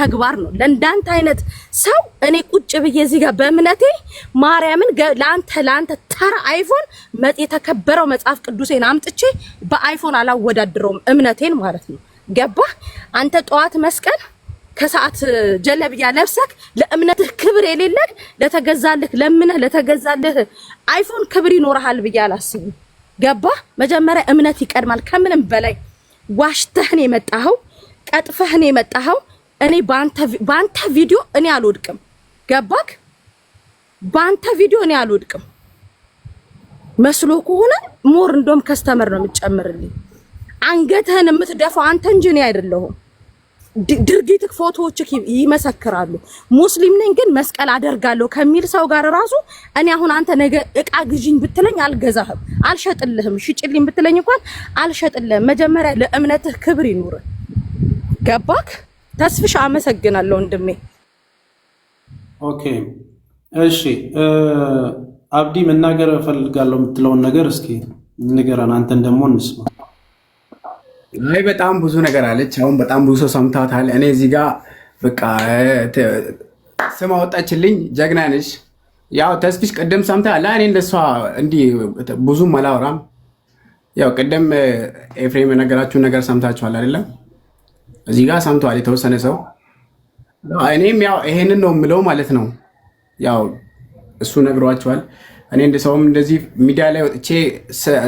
ተግባር ነው። ለእንዳንተ አይነት ሰው እኔ ቁጭ ብዬ እዚህ ጋር በእምነቴ ማርያምን ለአንተ ለአንተ ተራ አይፎን የተከበረው መጽሐፍ ቅዱሴን አምጥቼ በአይፎን አላወዳድረውም እምነቴን ማለት ነው። ገባ አንተ ጠዋት መስቀል ከሰዓት ጀለብያ ለብሰክ ለእምነትህ ክብር የሌለህ ለተገዛልህ ለምነህ ለተገዛልህ አይፎን ክብር ይኖረሃል ብዬ አላስብም። ገባ መጀመሪያ እምነት ይቀድማል ከምንም በላይ ዋሽተህን የመጣኸው ቀጥፈህን የመጣኸው እኔ በአንተ ቪዲዮ እኔ አልወድቅም። ገባክ? በአንተ ቪዲዮ እኔ አልወድቅም። መስሎ ከሆነ ሞር እንደውም ከስተመር ነው የምትጨምርልኝ። አንገትህን የምትደፋው አንተ እንጂ እኔ አይደለሁም። ድርጊትክ ፎቶዎችህ ይመሰክራሉ። ሙስሊም ነኝ ግን መስቀል አደርጋለሁ ከሚል ሰው ጋር ራሱ እኔ አሁን አንተ ነገ እቃ ግዢኝ ብትለኝ አልገዛህም፣ አልሸጥልህም። ሽጭልኝ ብትለኝ እንኳን አልሸጥልህም። መጀመሪያ ለእምነትህ ክብር ይኑር። ገባክ? ተስፍሽ አመሰግናለሁ ወንድሜ። ኦኬ እሺ፣ አብዲ መናገር እፈልጋለሁ የምትለውን ነገር እስኪ ንገረን፣ አንተን ደግሞ እንስማ። አይ በጣም ብዙ ነገር አለች። አሁን በጣም ብዙ ሰው ሰምታታል። እኔ እዚህ ጋር በቃ ስም አወጣችልኝ። ጀግና ነሽ። ያው ተስፊሽ ቅድም ሰምተሃል። እኔ እንደሷ እንዲህ ብዙም አላወራም። ያው ቅድም ኤፍሬም የነገራችሁን ነገር ሰምታችኋል አይደለም? እዚህ ጋር ሰምተዋል የተወሰነ ሰው። እኔም ያው ይሄንን ነው የምለው ማለት ነው። ያው እሱ ነግሯቸዋል። እኔ እንደ ሰውም እንደዚህ ሚዲያ ላይ ወጥቼ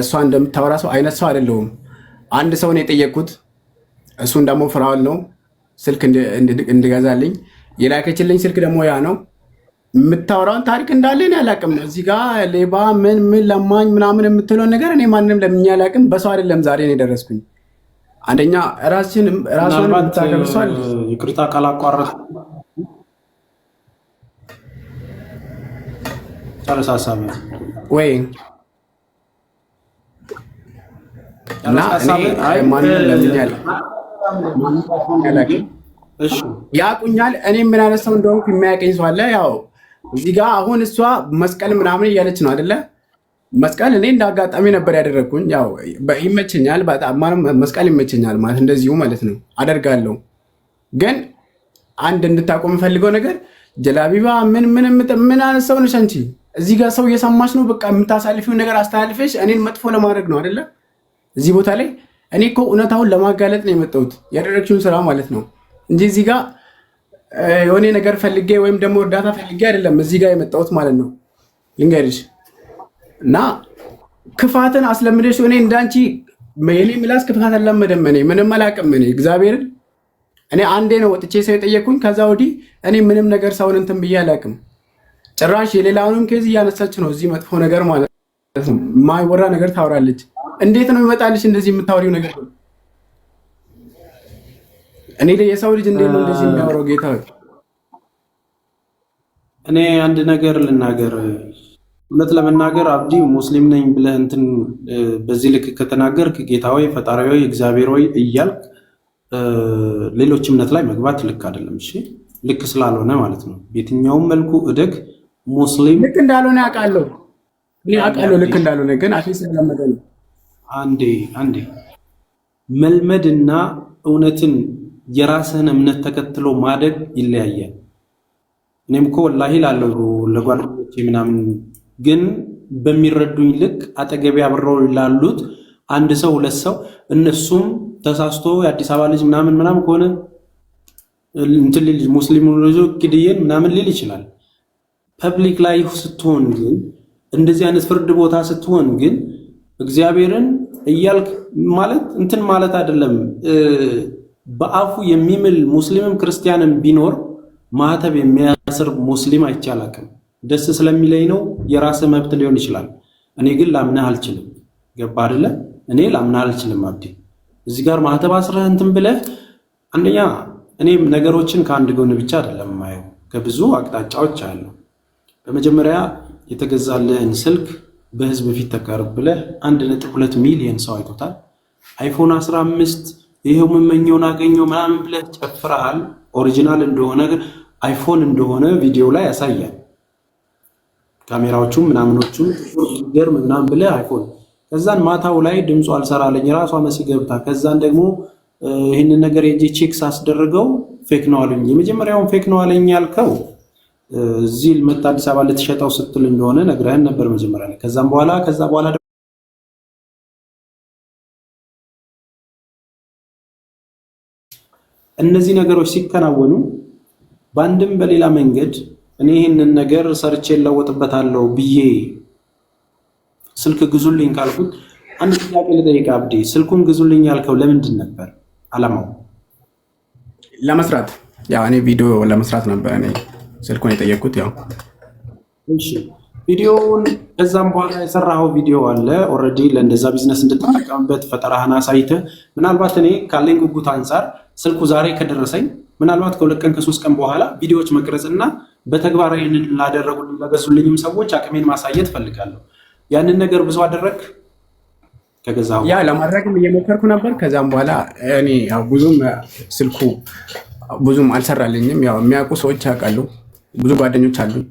እሷ እንደምታወራ ሰው አይነት ሰው አይደለሁም። አንድ ሰውን የጠየቅኩት እሱን ደግሞ ፍራውል ነው ስልክ እንድገዛልኝ የላከችልኝ ስልክ ደግሞ ያ ነው። የምታወራውን ታሪክ እንዳለ እኔ አላውቅም። እዚህ ጋ ሌባ ምን ምን ለማኝ ምናምን የምትለውን ነገር እኔ ማንም ለምኛ አላውቅም። በሰው አይደለም ዛሬ ነው የደረስኩኝ። አንደኛ ራስን ራሷን የምታገብሷል። ይቅርታ ካላቋረጥ ጨርስ ወይ እና እኔ ማንም ለምኛል ያቁኛል። እኔ ምን አይነት እንደሆንኩ የሚያቀኝ ሰው አለ። ያው እዚህ ጋር አሁን እሷ መስቀል ምናምን እያለች ነው አይደለ? መስቀል እኔ እንደ አጋጣሚ ነበር ያደረግኩኝ። ያው ይመቸኛል፣ በጣም መስቀል ይመቸኛል ማለት እንደዚሁ ማለት ነው አደርጋለሁ። ግን አንድ እንድታቆም የምፈልገው ነገር ጀላቢባ ምን ምን ምን አይነት ሰው ነሽ አንቺ? እዚህ ጋር ሰው እየሰማች ነው። በቃ የምታሳልፊው ነገር አስተላልፈሽ እኔን መጥፎ ለማድረግ ነው አደለ? እዚህ ቦታ ላይ እኔ እኮ እውነታውን ለማጋለጥ ነው የመጣሁት ያደረግሽውን ስራ ማለት ነው እንጂ እዚህ ጋር የሆነ ነገር ፈልጌ ወይም ደግሞ እርዳታ ፈልጌ አይደለም እዚህ ጋር የመጣሁት ማለት ነው ልንገርሽ እና ክፋትን አስለምደሽ እኔ እንዳንቺ የኔ ምላስ ክፋት አላመደም። እኔ ምንም አላቅም። እኔ እግዚአብሔርን እኔ አንዴ ነው ወጥቼ ሰው የጠየኩኝ። ከዛ ወዲህ እኔ ምንም ነገር ሰውን እንትን ብዬ አላቅም። ጭራሽ የሌላውንም ኬዝ እያነሳች ነው እዚህ መጥፎ ነገር ማለት ነው። የማይወራ ነገር ታወራለች። እንዴት ነው ይመጣልሽ እንደዚህ የምታወሪው ነገር? እኔ የሰው ልጅ እንዴት ነው እንደዚህ የሚያወራው? ጌታ እኔ አንድ ነገር ልናገር እውነት ለመናገር አብዲ ሙስሊም ነኝ ብለህ እንትን በዚህ ልክ ከተናገርክ ጌታ ሆይ ፈጣሪ ሆይ እግዚአብሔር ወይ እያልክ ሌሎች እምነት ላይ መግባት ልክ አይደለም። እሺ ልክ ስላልሆነ ማለት ነው። የትኛውም መልኩ እደግ ሙስሊም ልክ እንዳልሆነ አውቃለሁ እኔ አውቃለሁ፣ ልክ እንዳልሆነ ግን አፌ ስለለመደ ነው። አንዴ መልመድ እና እውነትን የራስህን እምነት ተከትሎ ማደግ ይለያያል። እኔም እኮ ወላሂ ላለው ለጓደኞቼ ምናምን ግን በሚረዱኝ ልክ አጠገቤ አብረው ላሉት አንድ ሰው ሁለት ሰው እነሱም ተሳስቶ የአዲስ አበባ ልጅ ምናምን ምናምን ከሆነ እንትን ልጅ ሙስሊሙ ልጆ ግድዬን ምናምን ሊል ይችላል። ፐብሊክ ላይ ስትሆን ግን እንደዚህ አይነት ፍርድ ቦታ ስትሆን ግን እግዚአብሔርን እያልክ ማለት እንትን ማለት አይደለም። በአፉ የሚምል ሙስሊምም ክርስቲያንም ቢኖር ማህተብ የሚያስር ሙስሊም አይቻላቅም። ደስ ስለሚለኝ ነው። የራስ መብት ሊሆን ይችላል። እኔ ግን ላምነህ አልችልም። ገባ አደለ? እኔ ላምነህ አልችልም። አብዲ እዚህ ጋር ማህተብ አስረህ እንትን ብለህ አንደኛ፣ እኔም ነገሮችን ከአንድ ጎን ብቻ አይደለም ማየው፣ ከብዙ አቅጣጫዎች አለው። በመጀመሪያ የተገዛልህን ስልክ በህዝብ ፊት ተቀርብ ብለህ አንድ ነጥብ ሁለት ሚሊየን ሰው አይቶታል። አይፎን 15 ይሄው መመኘውን አገኘው ምናምን ብለህ ጨፍረሃል። ኦሪጂናል እንደሆነ አይፎን እንደሆነ ቪዲዮ ላይ ያሳያል። ካሜራዎቹም ምናምኖቹም ገርም ምናምን ብለህ አይፎን ከዛን ማታው ላይ ድምፁ አልሰራለኝ ራሷ መሲ ገብታ ከዛን ደግሞ ይህንን ነገር የእጅ ቼክ ሳስደርገው ፌክ ነው አለኝ። የመጀመሪያውን ፌክ ነው አለኝ ያልከው እዚህ መጣ አዲስ አበባ ልትሸጠው ስትል እንደሆነ ነግረህን ነበር መጀመሪያ ላይ። ከዛም በኋላ ከዛ በኋላ እነዚህ ነገሮች ሲከናወኑ በአንድም በሌላ መንገድ እኔ ይህንን ነገር ሰርቼ እለወጥበታለሁ ብዬ ስልክ ግዙልኝ ካልኩት፣ አንድ ጥያቄ ልጠይቅህ አብዴ። ስልኩን ግዙልኝ ያልከው ለምንድን ነበር አላማው? ለመስራት ያው እኔ ቪዲዮ ለመስራት ነበር እኔ ስልኩን የጠየቅኩት። ያው እሺ፣ ቪዲዮውን ከዛም በኋላ የሰራኸው ቪዲዮ አለ ኦልሬዲ፣ ለእንደዛ ቢዝነስ እንድትጠቀምበት ፈጠራህን አሳይተህ፣ ምናልባት እኔ ካለኝ ጉጉት አንጻር ስልኩ ዛሬ ከደረሰኝ ምናልባት ከሁለት ቀን ከሶስት ቀን በኋላ ቪዲዮዎች መቅረጽ እና በተግባር ይህንን ላደረጉልኝ ለገዙልኝም ሰዎች አቅሜን ማሳየት ፈልጋለሁ። ያንን ነገር ብዙ አደረግ ከገዛ ያ ለማድረግም እየሞከርኩ ነበር። ከዛም በኋላ እኔ ብዙም ስልኩ ብዙም አልሰራልኝም። ያው የሚያውቁ ሰዎች ያውቃሉ፣ ብዙ ጓደኞች አሉኝ።